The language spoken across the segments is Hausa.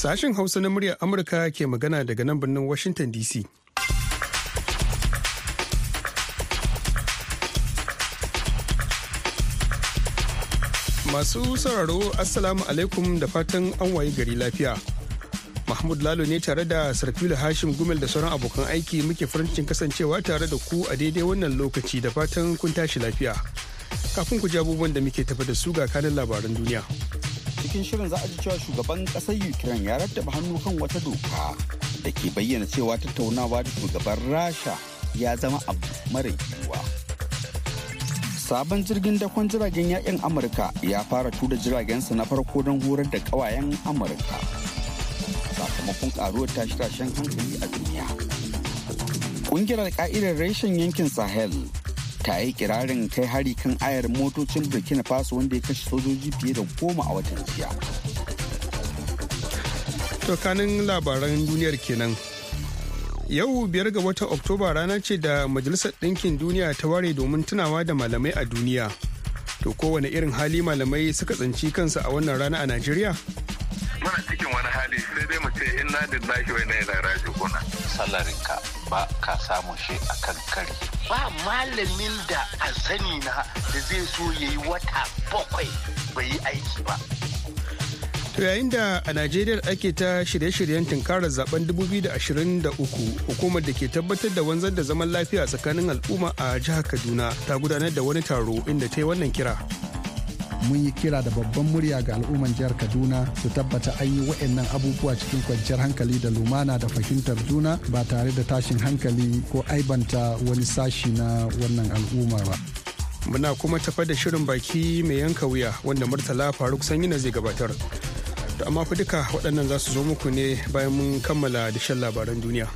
Sashen Hausa na muryar Amurka ke magana daga nan birnin Washington DC. Masu sauraro Assalamu alaikum da fatan an waye gari lafiya. Mahmud Lalo ne tare da Sarfila Hashim Gumel da sauran abokan aiki muke farancin kasancewa tare da ku a daidai wannan lokaci da fatan kun tashi lafiya. Kafin ku ji abubuwan da muke tafa da su ga kanin labaran duniya. cikin shirin za a ji cewa shugaban ƙasar Ukraine ya rattaba hannu kan wata doka da ke bayyana cewa tattaunawa da shugaban Rasha ya zama abu mara yiwuwa. Sabon jirgin dakon jiragen yakin Amurka ya fara tura jiragensa na farko don horar da ƙawayen Amurka. Sakamakon ƙaruwar tashi-tashen hankali a duniya. Ƙungiyar ka'idar reshen yankin Sahel ta yi kirarin kai hari kan ayar motocin burkina faso wanda ya kashe sojoji fiye da goma a watan jiya tokanin labaran duniyar kenan yau biyar ga watan oktoba rana ce da majalisar ɗinkin duniya ta ware domin tunawa da malamai a duniya to kowane irin hali malamai suka tsanci kansu a wannan rana a najeriya muna cikin wani hali sai dai mu ce inna lillahi na inna ilaihi raji'un sallarinka ba ka samu shi a kan kare ba malamin da a sani na da zai so ya yi wata bakwai bai yi aiki ba To yayin da a Najeriya ake ta shirye-shiryen tunkarar zaben 2023 hukumar da ke tabbatar da wanzar da zaman lafiya tsakanin al'umma a jihar Kaduna ta gudanar da wani taro inda ta yi wannan kira. mun yi kira da babban murya ga al'umman jihar kaduna su tabbata an yi wa'annan abubuwa cikin kwanciyar hankali da lumana da fahimtar juna ba tare da tashin hankali ko aibanta wani sashi na wannan al'umma ba muna kuma tafa da shirin baki mai yanka wuya wanda murtala faruk sanyi na zai gabatar to amma fa duka waɗannan za su zo muku ne bayan mun kammala da shan labaran duniya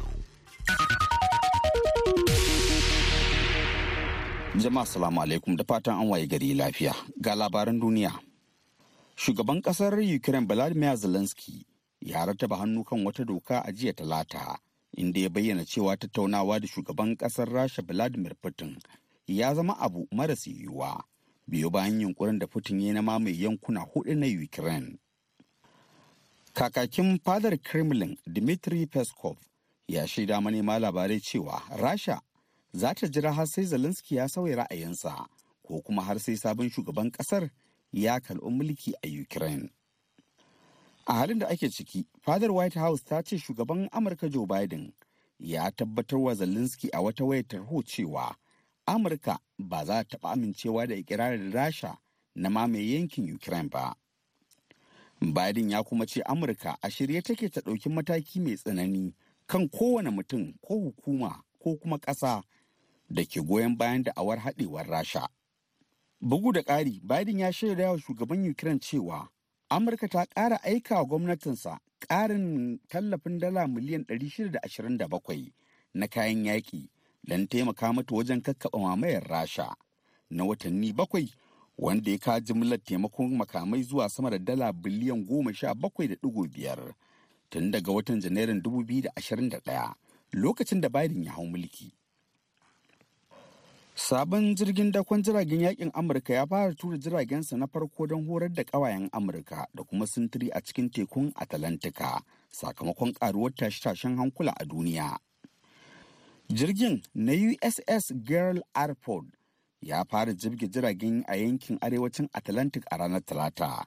Jama'a salamu alaikum da fatan an waye gari lafiya ga labaran duniya. Shugaban kasar Ukraine Vladimir Zelensky ya rataba hannu kan wata doka a jiya talata inda ya bayyana cewa tattaunawa da shugaban kasar Rasha Vladimir Putin ya zama abu maras yiwuwa biyo bayan yunkurin da Putin ya na mamaye yankuna hudu na Ukraine. Kakakin fadar Kremlin Dmitry Peskov ya shaida manema labarai cewa Rasha za ta jira har sai Zelensky ya sauya ra'ayinsa ko kuma har sai sabon shugaban kasar ya kalbi mulki a Ukraine. A halin da ake ciki, fadar White House ta ce shugaban Amurka Joe Biden ya tabbatar wa Zelensky a wata wayar tarho cewa Amurka ba za ta taɓa amincewa da ikirarin Rasha na mamaye yankin Ukraine ba. Biden ya kuma ce Amurka a shirye take ta ɗauki mataki mai tsanani kan kowane mutum ko hukuma ko kuma ƙasa da ke goyon bayan da awar haɗewar rasha bugu da ƙari biden ya shaida wa shugaban ukraine cewa amurka ta ƙara aika wa gwamnatinsa ƙarin tallafin dala miliyan 627 na kayan yaƙi don taimaka mata wajen kakkaɓa mamayar rasha na watanni bakwai wanda ya kawo jimlar taimakon makamai zuwa sama da dala biliyan goma sha bakwai da ɗigo biyar tun daga watan janairun 2021 lokacin da Biden ya hau mulki. Sabon jirgin dakon jiragen yakin Amurka ya fara tura jiragensa na farko don horar da ƙawayen Amurka da kuma sintiri a cikin tekun Atalantika sakamakon ƙaruwar tashe-tashen hankula a duniya. Jirgin na USS Girl Airport ya fara jirge jiragen a yankin arewacin Atlantic a ranar Talata.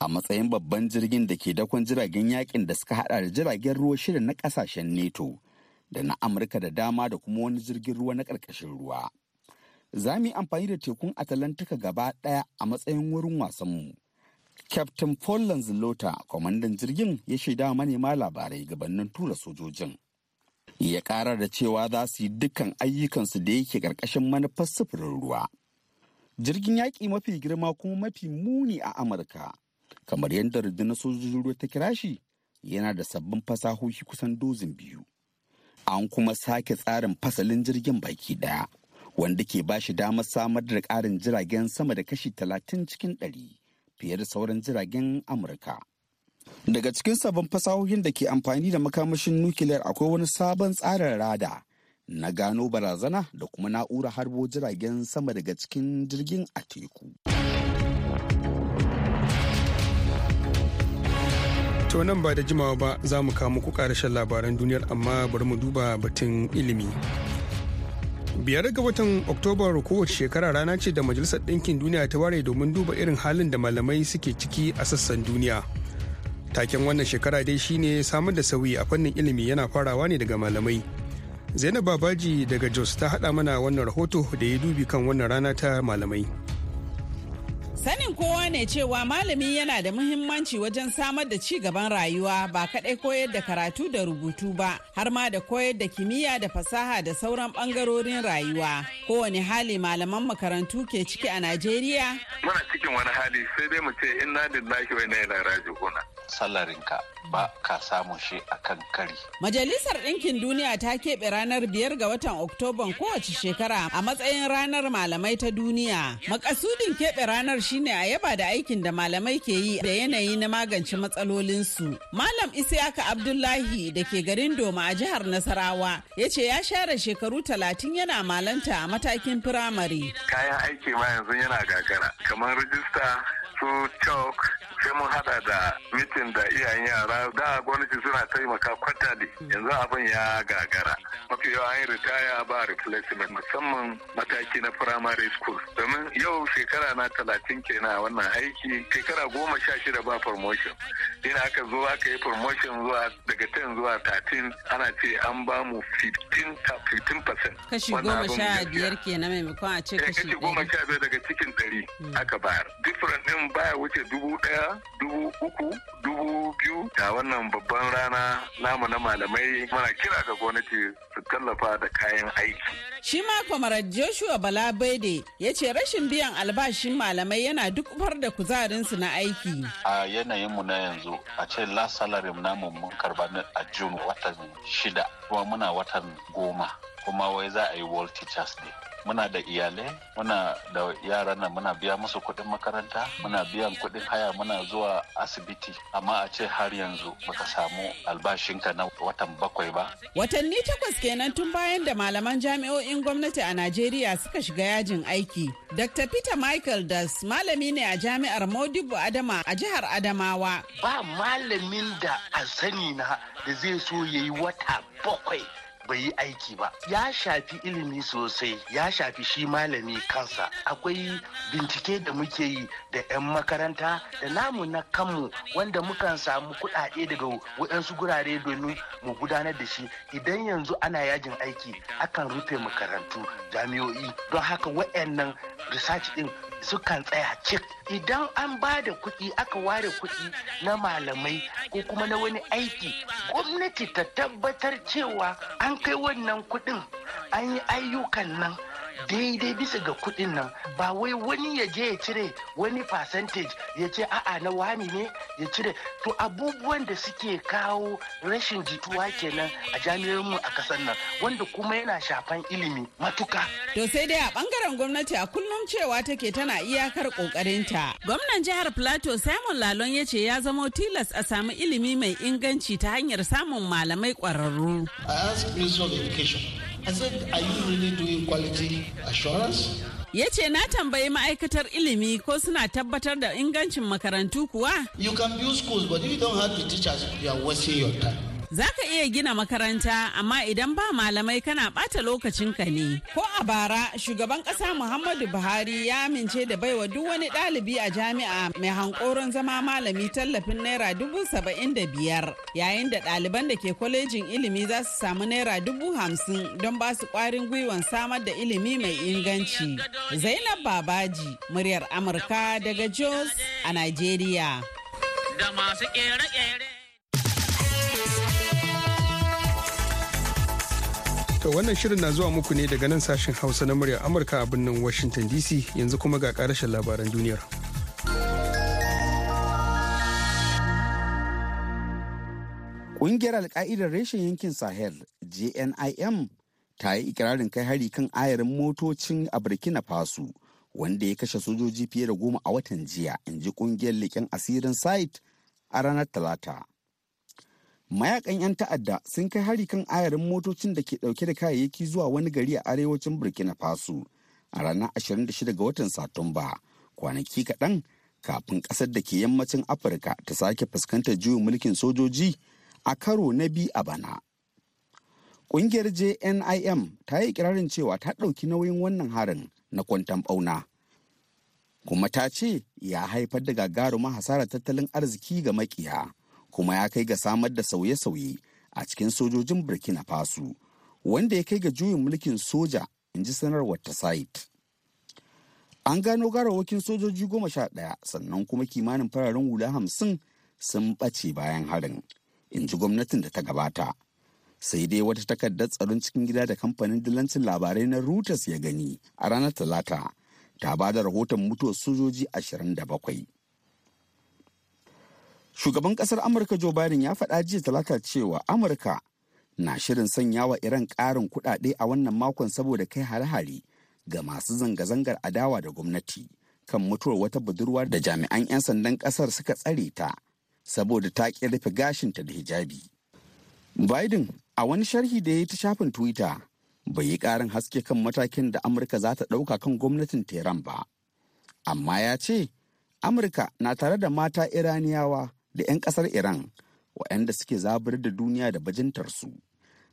A matsayin babban jirgin da ke dakon jiragen yakin da suka hada da jiragen ruwa shida na kasashen NATO da na Amurka da dama da kuma wani jirgin ruwa na ƙarƙashin ruwa. za mu yi amfani da tekun atalantika gaba ɗaya a matsayin wurin wasanmu captain paul Lanzalota, kwamandan jirgin ya shaida manema labarai gabanin tura sojojin ya ƙara da cewa za su yi dukkan ayyukansu da yake ƙarƙashin manufar sufurin ruwa jirgin yaƙi mafi girma kuma mafi muni a amurka kamar yadda rundunar sojojin ruwa ta kira shi yana da sabbin fasahohi kusan dozin biyu an kuma sake tsarin fasalin jirgin baki daya wanda ke ba shi damar samar da ƙarin jiragen sama da kashi talatin cikin ɗari fiye da sauran jiragen amurka daga cikin sabon fasahohin da ke amfani da makamashin nukiliyar akwai wani sabon tsarin rada na gano barazana da kuma na'ura harbo jiragen sama daga cikin jirgin a teku To nan ba da jimawa ba za mu kawo muku ƙarashen labaran duniyar amma bari mu duba batun ilimi. biyar ga watan oktobar kowace shekara rana ce da majalisar ɗinkin duniya ta ware domin duba irin halin da malamai suke ciki a sassan duniya taken wannan shekara dai shine samun da sauyi a fannin ilimi yana farawa ne daga malamai zainab babaji daga jos ta haɗa mana wannan rahoto da ya dubi kan wannan rana ta malamai Sanin kowa ne cewa malami yana da muhimmanci wajen samar da ci gaban rayuwa ba kaɗai koyar da karatu da rubutu ba, har ma da koyar da kimiyya da fasaha da sauran ɓangarorin rayuwa. Kowane hali malaman makarantu ke ciki a Najeriya? Muna cikin wani hali sai dai mu ce inna lillahi wa inna ilaihi raji'un. salarinka ba ka samun shi a kan kari. Majalisar Ɗinkin Duniya ta keɓe ranar biyar ga watan Oktoban kowace shekara a matsayin ranar malamai ta duniya. Makasudin keɓe ranar shine a yaba da aikin da malamai ke yi da yanayi na magance matsalolinsu. Malam Isiyaka Abdullahi da ke garin Doma a jihar Nasarawa ya ce ya share shekaru talatin yana malanta a matakin firamare. Kayan aiki ma yanzu yana gagara kamar rijista su chalk sai mun hada da mitin da iyayen yara da gwamnati suna taimaka kwata kwatali yanzu abin ya gagara mafi yawa an yi ritaya ba replacement musamman mataki na primary school domin yau shekara na talatin kenan wannan aiki shekara goma sha shida ba promotion ina aka zo aka yi promotion zuwa daga 10 zuwa 13 ana ce an ba mu 15% kashi goma sha biyar kenan maimakon a ce eh, kashi goma sha biyar daga cikin dari hmm. aka bayar different din baya wuce dubu daya dubu uku dubu biyu da wannan babban rana namu na malamai muna kira ga gwamnati su tallafa da kayan aiki. Shi ma kwamarar Joshua balabede ya ce rashin biyan albashin malamai yana duk far da kuzarinsu na aiki. A yanayin mu na yanzu a ce last salary namu mun karba a June watan shida kuma muna watan goma. kuma wai za a yi world teachers day muna da iyalai muna da yaran nan muna biya musu kuɗin makaranta muna biyan kuɗin haya muna zuwa asibiti amma a ce har yanzu baka samu albashinka na watan bakwai ba watanni takwas kenan tun bayan da malaman jami'o'in gwamnati a najeriya suka shiga yajin aiki dr peter michael das malami ne a jami'ar modibo adama a jihar adamawa ba malamin da a sani na da zai so ya yi wata bakwai bai yi aiki ba ya shafi ilimi sosai ya shafi shi malami kansa akwai bincike da muke yi da 'yan makaranta da namu na kanmu wanda mukan samu kuɗaɗe daga waɗansu gurare domin mu gudanar da shi idan yanzu ana yajin aiki akan rufe makarantu jami'o'i don haka waɗannan research ɗin sukan tsaya cik idan an ba da kuɗi aka ware kuɗi na malamai ko kuma na wani aiki gwamnati ta tabbatar cewa an kai wannan kuɗin an yi ayyukan nan daidai bisa ga kuɗin nan ba wai wani ya je ya cire wani percentage ya ce a'a na wani ne ya cire to abubuwan da suke kawo rashin jituwa kenan a mu a kasar nan wanda kuma yana shafan ilimi matuka. To sai dai a bangaren gwamnati a kullum cewa take tana iyakar kokarinta. Gwamnan jihar Plateau Simon Lalon ya ce ya zama tilas a samu ilimi mai inganci ta hanyar samun malamai kwararru. I I said, assurance? ya ce na tambayi ma'aikatar ilimi ko suna tabbatar da ingancin makarantu kuwa. You can build schools but if you don't have the teachers you are wasting your time. Za ka iya gina makaranta amma idan ba malamai kana ɓata ka ne. Ko a bara shugaban ƙasa Muhammadu Buhari ya amince da baiwa duk wani ɗalibi a jami'a mai hankoron zama malami tallafin naira dubu saba'in da biyar yayin da ɗaliban da ke kwalejin ilimi za su samu naira dubu hamsin don ba su ƙwarin gwiwan samar da ilimi mai inganci. Zainab Babaji, muryar Amurka daga Jos a Najeriya. Da masu kere-kere To wannan shirin na zuwa muku ne daga nan sashen Hausa na muryar Amurka a birnin Washington DC yanzu kuma ga karashen labaran duniyar. Ƙungiyar alka'idar reshen yankin Sahel JNIM ta yi ikirarin kai hari kan ayarin motocin a Burkina Faso wanda ya kashe sojoji fiye da goma a watan jiya in ji ƙungiyar leƙen asirin site a ranar Talata. mayakan 'yan ta'adda sun kai hari kan ayarin motocin da ke dauke da kayayyaki zuwa wani gari a arewacin burkina faso a ranar 26 ga watan satumba kwanaki kaɗan kafin ƙasar da ke yammacin afirka ta sake fuskantar juyin mulkin sojoji a karo na bi a bana ƙungiyar jnim ta yi kirarin cewa ta ɗauki nauyin wannan harin na kwantan ɓauna kuma ta ce ya haifar da gagaruma hasarar tattalin arziki ga makiya kuma ya kai ga samar da sauye-sauye a cikin sojojin burkina faso wanda ya kai ga juyin mulkin soja in ji sanarwar ta site an gano garawakin sojoji goma sha ɗaya sannan kuma kimanin fararen hula hamsin sun ɓace bayan harin in ji gwamnatin da ta gabata sai dai wata takardar tsaron cikin gida da kamfanin dilancin labarai na reuters ya gani a ranar talata ta ba da rahoton mutuwar sojoji ashirin da bakwai. Shugaban ƙasar Amurka Joe Biden ya faɗa jiya talata cewa Amurka na shirin sanya wa Iran ƙarin kuɗaɗe a wannan makon saboda kai hare-hare ga masu zanga-zangar adawa da gwamnati kan mutuwar wata budurwa da jami'an 'yan sandan ƙasar suka tsare ta saboda ta ƙi rufe gashinta da hijabi. Biden a wani sharhi da ya yi ta shafin Twitter bai yi ƙarin haske kan matakin da Amurka za ta ɗauka kan gwamnatin Tehran ba. Amma ya ce, Amurka na tare da mata Iraniyawa da 'yan kasar Iran waɗanda suke zabar da duniya da bajintarsu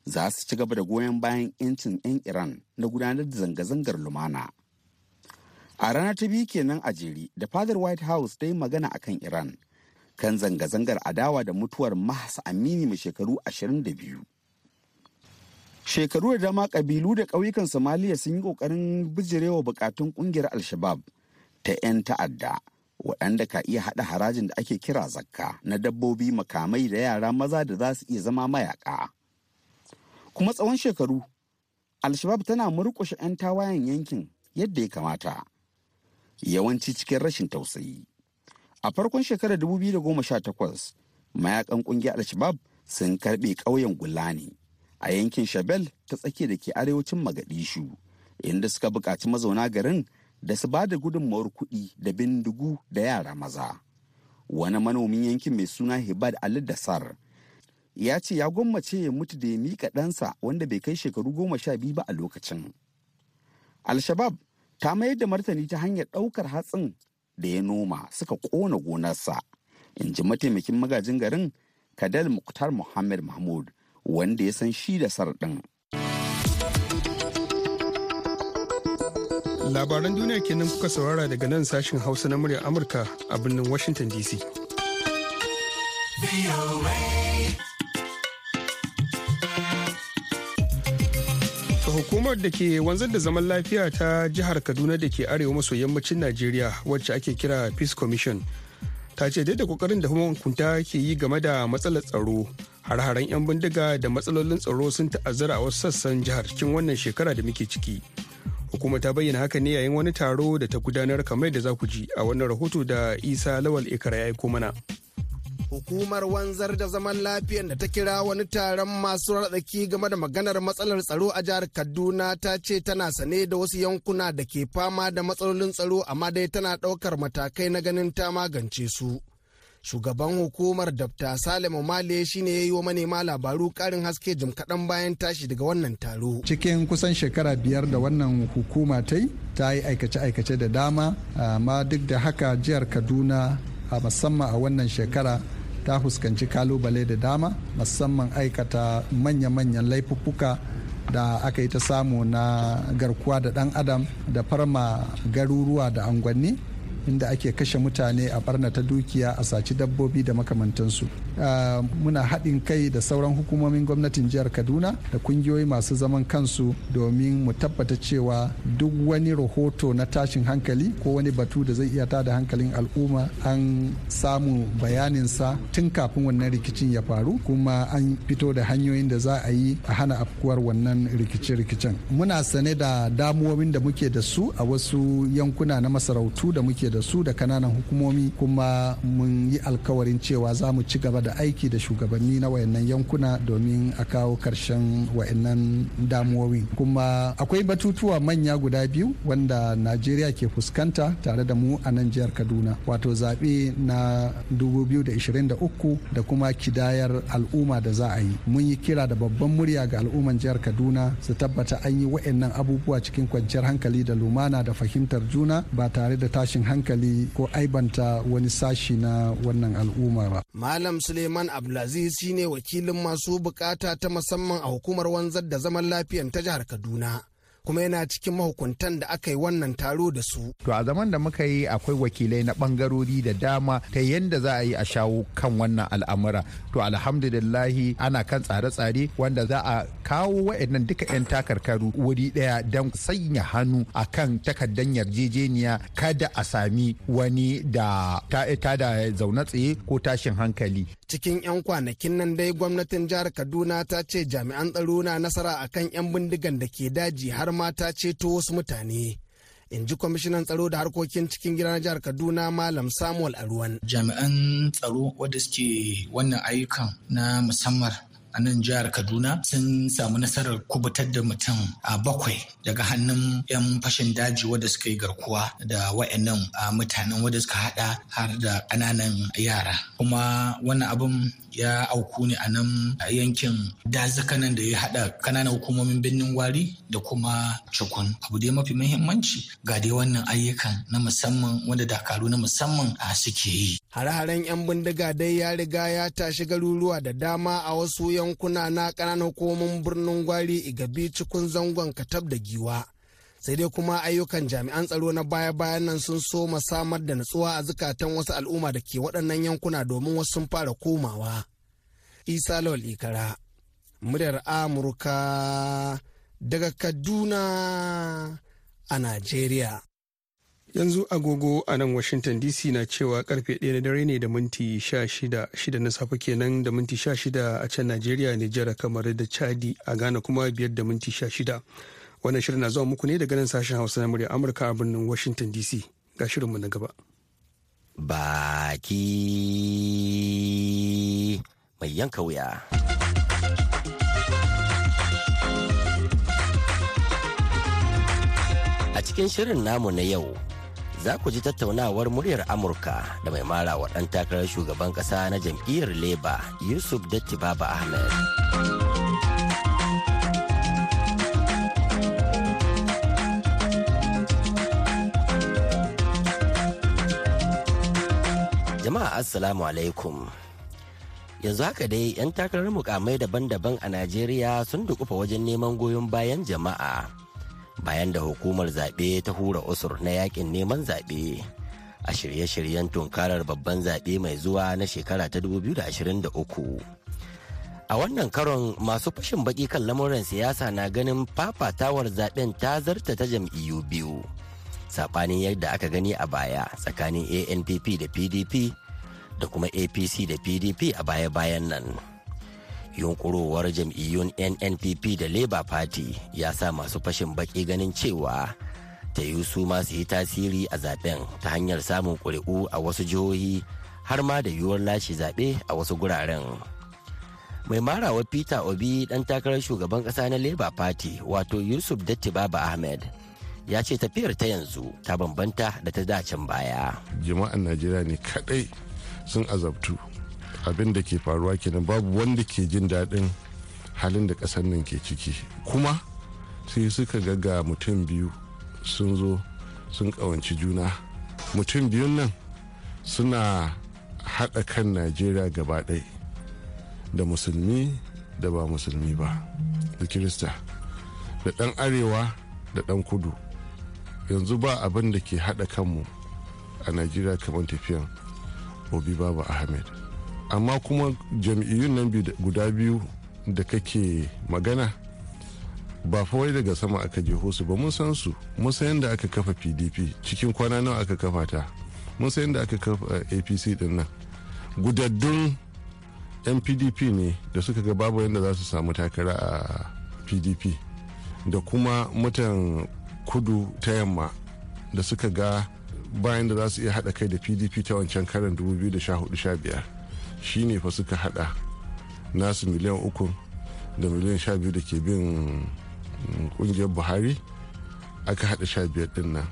za su ci gaba da goyon bayan 'yancin 'yan Iran na gudanar da zanga-zangar lumana. A ranar ta biyu kenan a jeri da fadar White House ta yi magana a kan Iran kan zanga-zangar adawa da mutuwar Mahas Amini mai shekaru 22. Shekaru da dama kabilu da ƙauyukan Somaliya sun yi ƙoƙarin bijirewa bukatun ƙungiyar Al-Shabaab ta 'yan ta'adda waɗanda ka iya haɗa harajin da ake kira zakka na dabbobi makamai da yara maza da za su iya zama mayaka. Kuma tsawon shekaru, Alshabab tana murƙushe 'yan tawayen yankin yadda ya kamata, yawanci cikin rashin tausayi. A farkon shekarar 2018, mayakan ƙungiyar Alshabab sun karɓe ƙauyen Gulani a yankin Shabel ta tsakiya da ke arewacin Magadishu, inda suka buƙaci mazauna garin da su ba da gudunmawar kuɗi da bindigu da yara maza. Wani manomin yankin mai suna Hibad Ali Dasar ya ce ya gwammace ya mutu da ya miƙa ɗansa wanda bai kai shekaru goma sha biyu ba a lokacin. Alshabab ta mayar da martani ta hanyar ɗaukar hatsin da ya noma suka ƙona gonarsa, in ji mataimakin magajin garin Kadal Muktar Muhammad Mahmud wanda ya san shi da sar ɗin. labaran duniya kenan kuka saurara daga nan sashen hausa na muryar amurka a birnin washington dc hukumar da ke wanzar da zaman lafiya ta jihar kaduna da ke arewa maso yammacin najeriya wacce ake kira peace commission ta ce da kokarin da hukunta ke yi game da matsalar tsaro har-haren 'yan bindiga da matsalolin tsaro sun ta'azzara a wasu sassan jihar cikin wannan shekara da muke ciki hukuma ta bayyana haka ne yayin wani taro da ta gudanar kamar da za ku ji a wannan rahoto da Isa Lawal Ikara ya aiko mana. hukumar wanzar da zaman lafiyar da ta kira wani taron masu raɗaki game da maganar matsalar tsaro a jihar kaduna ta ce tana sane da wasu yankuna da ke fama da matsalolin tsaro amma dai tana ɗaukar matakai na ganin ta magance su shugaban hukumar dabta salimu male shine ya yi wa manema labaru karin haske jim kaɗan bayan tashi daga wannan taro cikin kusan shekara biyar da wannan hukuma ta yi ta yi aikace-aikace da dama amma duk da haka jihar kaduna a musamman a wannan shekara ta fuskanci kalubale da dama musamman aikata manya-manyan laifuffuka da aka yi ta samu na garkuwa da ɗan adam da farma garuruwa da angwanni inda ake kashe mutane a barna ta dukiya a saci dabbobi da makamantansu ah, muna haɗin kai da sauran hukumomin gwamnatin jihar kaduna da kungiyoyi masu zaman kansu domin mu tabbata cewa duk wani rahoto na tashin hankali ko wani batu da zai iya tada hankalin al'umma an samu bayaninsa tun kafin wannan rikicin ya faru kuma an fito da hanyoyin da za a yi a hana afkuwar wannan rikice-rikicen muna sane da damuwomin da muke da su a wasu yankuna na masarautu da muke da su da kananan hukumomi kuma mun yi alkawarin cewa za mu ci gaba da aiki da shugabanni na wayannan yankuna domin a kawo karshen wayannan damuwowi kuma akwai batutuwa manya guda biyu wanda najeriya ke fuskanta tare da mu a nan jihar kaduna wato zaɓe na 2023 da kuma kidayar al'umma da za a yi mun yi kira da babban murya ga al'umman jihar kaduna su tabbata an yi wayannan abubuwa cikin kwanciyar hankali da lumana da fahimtar juna ba tare da tashin hankali hankali ko aibanta wani sashi na wannan al'umma ba. Malam Suleiman Abdulaziz shine wakilin masu bukata ta musamman a hukumar wanzar da zaman lafiyan ta jihar Kaduna. kuma yana cikin mahukuntan da aka yi wannan taro da su. To a zaman da muka yi akwai wakilai na bangarori da dama ta yadda za a yi a shawo kan wannan al'amura. To alhamdulillahi ana kan tsare-tsare wanda za a kawo wa'annan duka 'yan takarkaru wuri ɗaya don sanya hannu a kan takardar yarjejeniya kada a sami wani da ta da zaune tsaye ko tashin hankali. Cikin 'yan kwanakin nan dai gwamnatin jihar Kaduna ta ce jami'an tsaro na nasara akan 'yan bindigan da ke daji har har mata ceto wasu mutane in ji kwamishinan tsaro da harkokin cikin gida na jihar kaduna malam samuel aruwan jami'an tsaro wadda suke wannan ayyukan na musamman a nan jihar Kaduna sun samu nasarar kubutar da mutum a bakwai daga hannun 'yan fashin daji wadda suka yi garkuwa da wayannan mutanen wadda suka hada har da ƙananan yara. Kuma wannan abin ya auku ne a nan yankin dazukanan da ya hada ƙananan hukumomin birnin wari da kuma cikun. Abu dai mafi muhimmanci ga dai wannan ayyukan na musamman wanda dakaru na musamman a suke yi. Hare-haren 'yan bindiga dai ya riga ya tashi garuruwa da dama a wasu yankuna na ƙananan hukumomin birnin gwari igabi cikin zangon katab da giwa sai dai kuma ayyukan jami'an tsaro na baya-bayan nan sun so samar da natsuwa a zukatan wasu al'umma da ke waɗannan yankuna domin wasu sun fara komawa isa lawal ikara muryar amurka daga kaduna a najeriya yanzu agogo a nan washington dc na cewa karfe 1 na dare ne da minti 16 na safe kenan da minti 16 a can najeriya nijar kamar da chadi a ghana kuma biyar da minti 16 wannan shirin na zuwa muku ne daga nan sashen hausa na murya amurka a birnin washington dc ga shirinmu na gaba baki mai yanka wuya a cikin shirin namu na yau za ku ji tattaunawar muryar amurka da mai mara wa ɗan takarar shugaban ƙasa na jam'iyyar labour yusuf dattibaba ahmed jama'a assalamu alaikum yanzu haka dai 'yan takarar mukamai daban-daban a najeriya sun dukufa wajen neman goyon bayan jama'a bayan da hukumar zaɓe ta hura usur na yakin neman zaɓe a shirye-shiryen tunkarar babban zaɓe mai zuwa na shekara ta 2023. A wannan karon masu fashin baki kan lamuran siyasa na ganin fafatawar zaɓen ta zarta ta jam'iyyu biyu. Saɓanin yadda aka gani a baya tsakanin ANPP da PDP da kuma APC da PDP a baya-bayan nan. yunkurowar jam'iyyun nnpp da labour party ya sa masu fashin baki ganin cewa ta yi su masu yi tasiri a zaben ta hanyar samun ƙuri'u a wasu jihohi har ma da yiwuwar lashe zaɓe a wasu guraren mai marawa peter obi ɗan takarar shugaban ƙasa na labour party wato yusuf dattibaba ahmed ya ce tafiyar ta yanzu ta bambanta da ta dacen baya jama'an najeriya ne kaɗai sun azabtu abin da ke faruwa kenan babu wanda ke jin daɗin halin da ƙasar nan ke ciki kuma sai suka ga ga mutum biyu sun zo sun ƙawanci juna mutum biyun nan suna haɗa kan najeriya gaba ɗai da musulmi da ba musulmi ba da kirista da ɗan arewa da ɗan kudu yanzu ba abin da ke haɗa kanmu a najeriya kamar tafiyan obi babu ahmed amma kuma jam'iyyun nan guda biyu da kake magana ba wai daga sama aka jeho su ba mun san su mun san yadda aka kafa pdp cikin kwana nawa aka kafa ta mun san yadda aka kafa eh, apc din nan gudaddun yan pdp ne da suka ga babu yadda za su samu takara a pdp da kuma mutan kudu ta yamma da suka ga bayan da za su iya hada kai da pdp ta wancan karan 2014 biyar. shine fa suka hada nasu miliyan uku da miliyan sha biyu da ke bin kungiyar buhari aka hada sha biyar din nan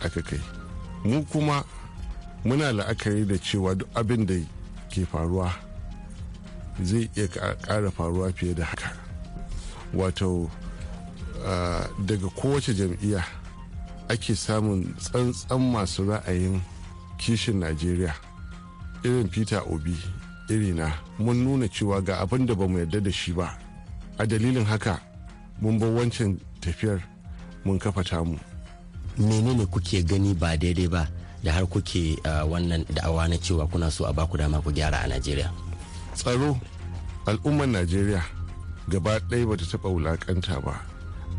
aka kai mu kuma muna la'akari da cewa duk abin da ke faruwa zai iya kara faruwa fiye da haka wato daga kowace jam'iyya ake samun tsantsan masu ra'ayin kishin najeriya irin peter obi irina mun nuna cewa ga abin da bamu mu yarda da shi ba a dalilin haka mun bar wancan tafiyar mun kafa tamu menene kuke gani ba daidai ba da har kuke wannan da'awa na cewa kuna so a baku dama ku gyara a najeriya tsaro al'ummar najeriya gaba ɗaya bata taɓa wulaƙanta ba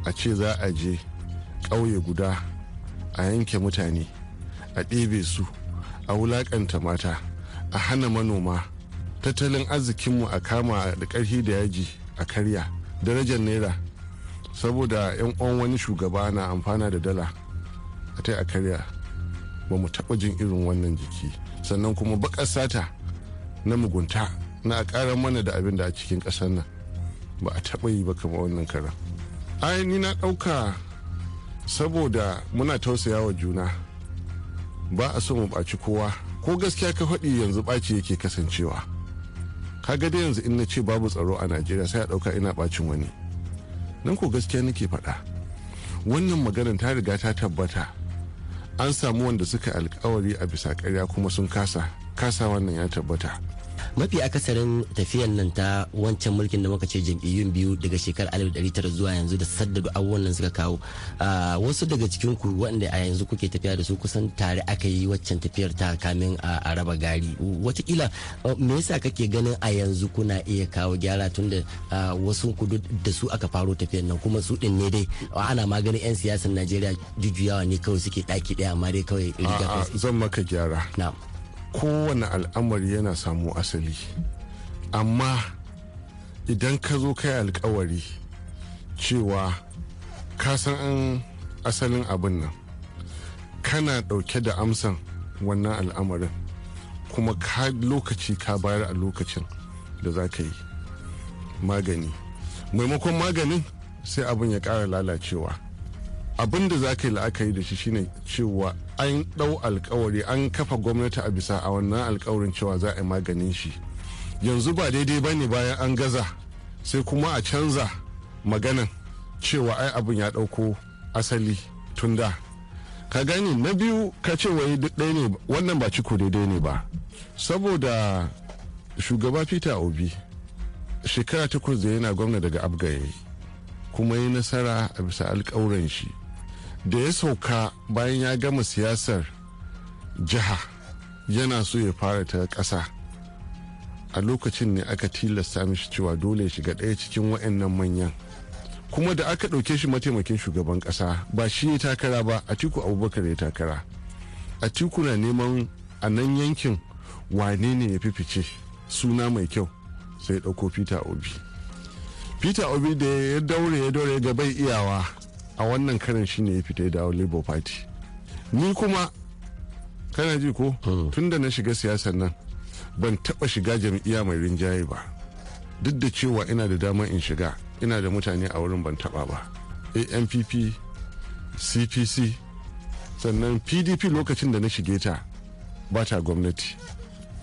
a ce za a je ƙauye guda a yanke mutane a ɗebe su a wulaƙanta mata a hana manoma tattalin arzikinmu a kama da ƙarfi da yaji a karya darajar naira saboda 'yan uwan wani shugaba na amfana da dala a ta a karya ba mu taɓa jin irin wannan jiki sannan kuma baƙar sata na mugunta na a ƙarar mana da abin da a cikin ƙasar nan ba a taɓa yi ba kamar wannan karan ai na ɗauka saboda muna tausaya wa juna ba a so mu ɓaci kowa ko gaskiya ka faɗi yanzu ɓaci yake kasancewa kaga da yanzu in na ce babu tsaro a najeriya sai a ɗauka ina ɓacin wani nan ko gaskiya nake faɗa wannan maganar ta riga ta tabbata an samu wanda suka alkawari a bisa karya kuma sun kasa kasa wannan ya tabbata mafi akasarin tafiyan nan ta wancan mulkin da muka ce jam'iyyun biyu daga shekarar 1900 zuwa yanzu da saddadu abubuwan nan suka kawo wasu daga cikin ku wanda a yanzu kuke tafiya da su kusan tare aka yi waccan tafiyar ta kamin a raba gari watakila me yasa kake ganin a yanzu kuna iya kawo gyara tun da wasu kudu da su aka faro tafiyan nan kuma su din ne dai ana maganin 'yan siyasar najeriya jujjuyawa ne kawai suke daki ɗaya amma dai kawai zan maka gyara kowane al'amari yana samu asali amma idan ka zo kai alkawari cewa ka san an asalin abin nan kana ɗauke da amsan wannan al'amarin kuma ka lokaci ka bayar a lokacin da za ka yi magani maimakon maganin sai abin ya ƙara lalacewa abin da za ka yi la'akari da shi shine cewa an ɗau alkawari an kafa gwamnati a bisa a wannan alkawarin cewa za a yi maganin shi yanzu ba daidai ba ne bayan an gaza sai kuma a canza maganan cewa ai abin ya ɗauko asali tun da ka gani na biyu ka ce wai ɗaya ne wannan ba ciko daidai ne ba saboda shugaba peter obi shekara takwas da yana gwamna daga abgaye kuma yi nasara a bisa alkawuran shi da ya sauka bayan ya gama siyasar jiha yana so ya fara ta ƙasa a lokacin ne aka tilasta mishi cewa dole ya shiga ɗaya cikin wa'annan manyan kuma da aka ɗauke shi mataimakin shugaban ƙasa ba shi ya takara ba atiku abubakar ya takara atiku na neman a nan yankin wane ne ya fifice suna mai kyau sai ɗauko peter obi peter obi da ya daure ya daure ga bai iyawa a wannan karin shine ya fita ya dawo labour party ni kuma kana ji ko hmm. tun da na shiga siyasar nan ban taba shiga jam'iyya mai rinjaye ba duk da cewa ina da dama in shiga ina da mutane a wurin ban taba ba ampp cpc sannan pdp lokacin da na shige ta ba ta gwamnati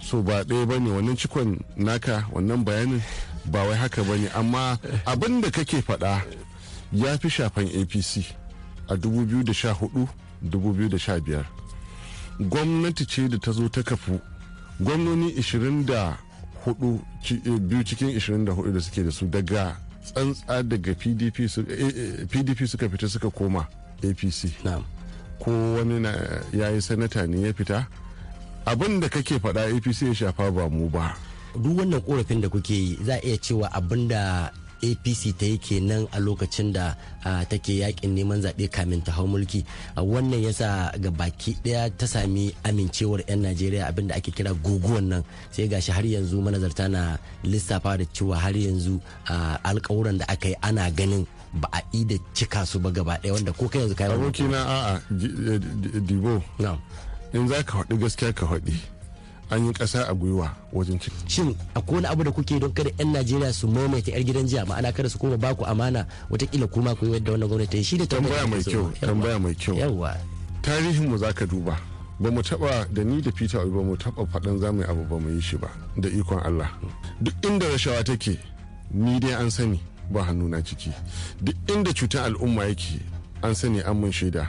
so ba ɗaya ba ne wannan cikon naka wannan bayanin ba wai haka ba ne amma abin da kake faɗa ya fi shafan apc a 2014-2015 gwamnati ce da ta zo ta kafu gwamnoni 24 eh, biyu cikin 24 da suke da su daga tsantsa daga pdp eh, eh, suka fita suka koma apc ko wani na yi sanata ne ya fita abin da kake fada apc ya shafa ba mu ba duk wannan korafin da kuke yi za a iya cewa abin da apc ta yi kenan a lokacin da take yakin neman zaɓe kamin ta hau mulki wannan yasa ga baki ɗaya ta sami amincewar 'yan najeriya abinda ake kira guguwan nan sai gashi har yanzu manazarta na lissafa da cewa har yanzu alkawuran da aka yi ana ganin ba a ida cika su ba gaba ɗaya wanda ko kai yanzu kai abokina a'a dibo in za ka haɗu gaskiya ka haɗu an yi kasa a gwiwa wajen cin. Shin akwai wani abu da kuke don kada 'yan Najeriya su maimaita 'yar gidan jiya ma'ana kada su koma baku amana watakila kuma ku wadda wannan gwamnati shi da tambaya mai kyau tambaya mai kyau. Yawwa. Tarihin mu zaka duba ba mu taba da ni da Peter Obi ba mu taba faɗan zamu abu ba mu yi shi ba da ikon Allah. Duk inda rashawa take ni dai an sani ba hannuna ciki. Duk inda cutar al'umma yake an sani an mun shaida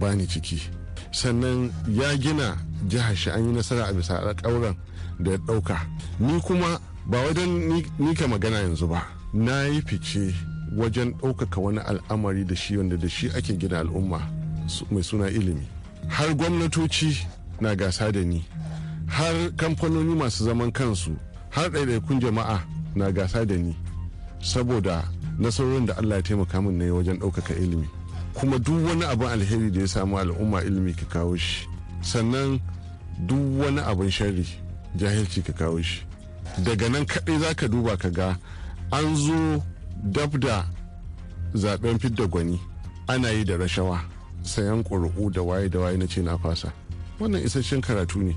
ba ni ciki. sannan ya gina jihar shi an yi nasara a bisa alƙawuran da ya ɗauka ni kuma ba wajen nika magana yanzu ba na yi fice wajen ɗaukaka wani al'amari da shi wanda da shi ake gina al'umma mai suna ilimi har gwamnatoci na gasa da ni har kamfanoni masu zaman kansu har ɗaiɗaikun jama'a na gasa da ni saboda nasarorin da allah ya taimaka min na yi wajen ɗaukaka ilimi kuma duk wani abin alheri da ya samu al'umma ilimi ka kawo shi sannan duk wani abin sharri jahilci ka kawo shi daga nan kaɗai za ka duba ka ga an zo dab da zaben fidda gwani ana yi da rashawa sayan ƙuri'u da waye da waye na ce na fasa wannan isasshen karatu ne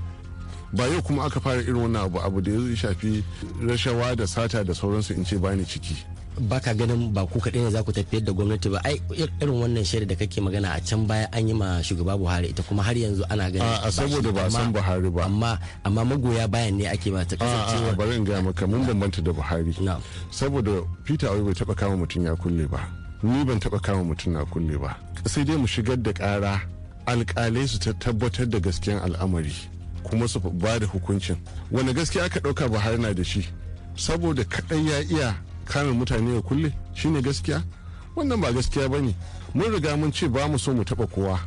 ba yau kuma aka fara irin wannan abu abu da ya shafi rashawa da sata da sauransu in ce bani ciki baka ganin ba ku kaɗai ne za ku tafiyar da gwamnati ba ai irin wannan shaida da kake magana a can baya an yi ma shugaba Buhari ita kuma har yanzu ana ganin a saboda ba san Buhari ba amma amma magoya bayan ne ake ba ta kasancewa bari in ga maka mun bambanta da Buhari saboda Peter Obi bai taba kama mutum ya kulle ba ni ban taba kama mutum na kulle ba sai dai mu shigar da ƙara alƙalai su ta tabbatar da gaskiyan al'amari kuma su ba da hukuncin wani gaskiya aka ɗauka Buhari na da shi saboda kaɗai ya iya kame mutane ya kulle shine gaskiya wannan ba gaskiya ba ne mun riga mun ce ba mu so mu taɓa kowa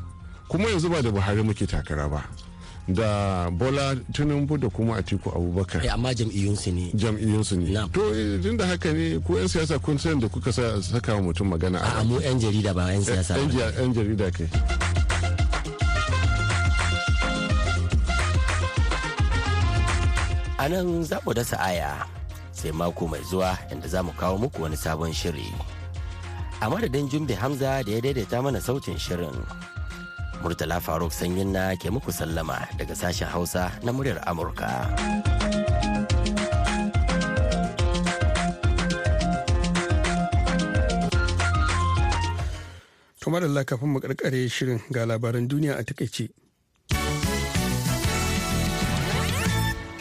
kuma yanzu ba da buhari muke takara ba da bola tinubu da kuma atiku abubakar hey, eh, amma jam'iyyunsu ne jam'iyyunsu ne to tun eh, da haka ne ko 'yan siyasa kun san da kuka saka wa mutum magana a mu 'yan jarida ba 'yan siyasa ba 'yan jarida kai a nan zaɓo da sa'aya. sai mako mai zuwa inda za mu kawo muku wani sabon shiri. A madadin Jumbe Hamza da ya daidaita mana sautin shirin. Murtala Faruk Sanyin na ke muku sallama daga sashen Hausa na muryar Amurka. da Allah kafin mu karkare shirin ga labaran duniya a takaice.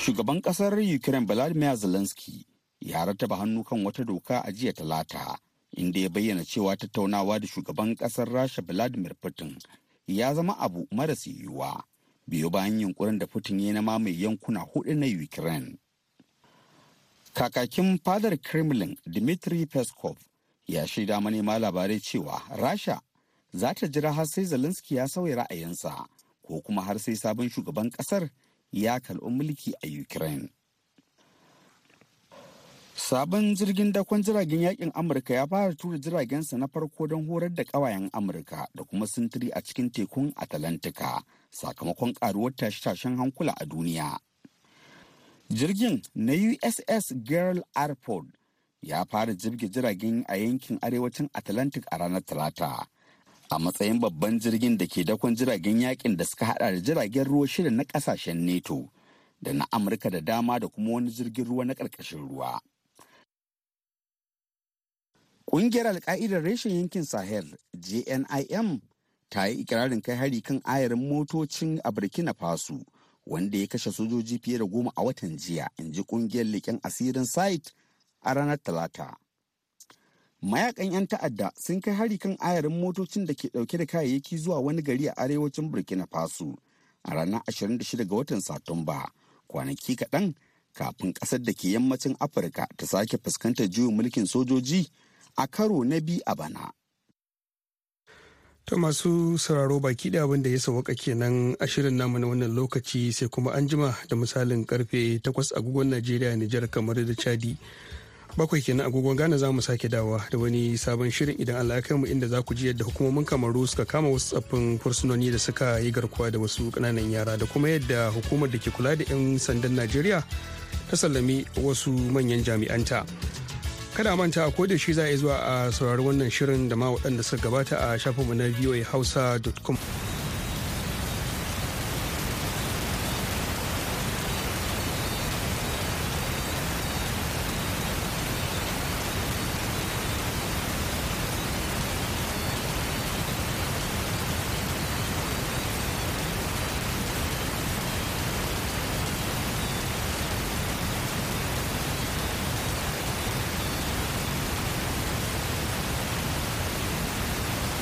Shugaban kasar Ukraine Vladimir Zelensky ya rataba hannu kan wata doka a jiya talata inda ya bayyana cewa tattaunawa da shugaban kasar rasha vladimir putin ya zama abu maras yiwuwa biyo bayan yunkurin da putin ya na mamaye yankuna hudu na ukraine kakakin fadar kremlin dmitry peskov ya shaida manema labarai cewa rasha za ta jira har sai zelensky ya sauya ra'ayinsa ko kuma har sai sabon shugaban kasar ya kalbi mulki a ukraine Sabon jirgin dakon jiragen yakin Amurka ya fara tura jiragensa na farko don horar da ƙawayen Amurka da kuma sintiri a cikin tekun Atalantika sakamakon karuwar tashe-tashen hankula a duniya. Jirgin na USS Girl Airport ya fara jirge jiragen a yankin arewacin Atlantic a ranar Talata. A matsayin babban jirgin da ke dakon jiragen yakin da suka hada da jiragen ruwa shida na kasashen NETO da na Amurka da dama da kuma wani jirgin ruwa na ƙarƙashin ruwa. Ƙungiyar alka'idar reshen yankin Sahel JNIM ta yi ikirarin kai hari kan ayarin motocin a Burkina Faso wanda ya kashe sojoji fiye da goma a watan jiya in ji ƙungiyar leƙen asirin Said, a ranar Talata. Mayakan 'yan ta'adda sun kai hari kan ayarin motocin da ke ɗauke da kayayyaki zuwa wani gari a arewacin Burkina Faso a ranar 26 ga watan Satumba kwanaki kaɗan kafin ƙasar da ke yammacin Afirka ta sake fuskantar juyin mulkin sojoji a karo na bi a bana. ta masu sauraro baki da abin da ya sauwaka kenan a shirin namu na wannan lokaci sai kuma an jima da misalin karfe 8 agogon najeriya nijar kamar da chadi bakwai kenan agogon ghana za mu sake dawa da wani sabon shirin idan allah ya mu inda za ku ji yadda hukumomin kamaru suka kama wasu tsaffin fursunoni da suka yi garkuwa da wasu kananan yara da kuma yadda hukumar da ke kula da 'yan sandan najeriya ta sallami wasu manyan jami'anta. kada manta ko da shi za a yi zuwa a saurari wannan shirin da ma waɗanda suka gabata a shafin shafinmu na voahausa.com.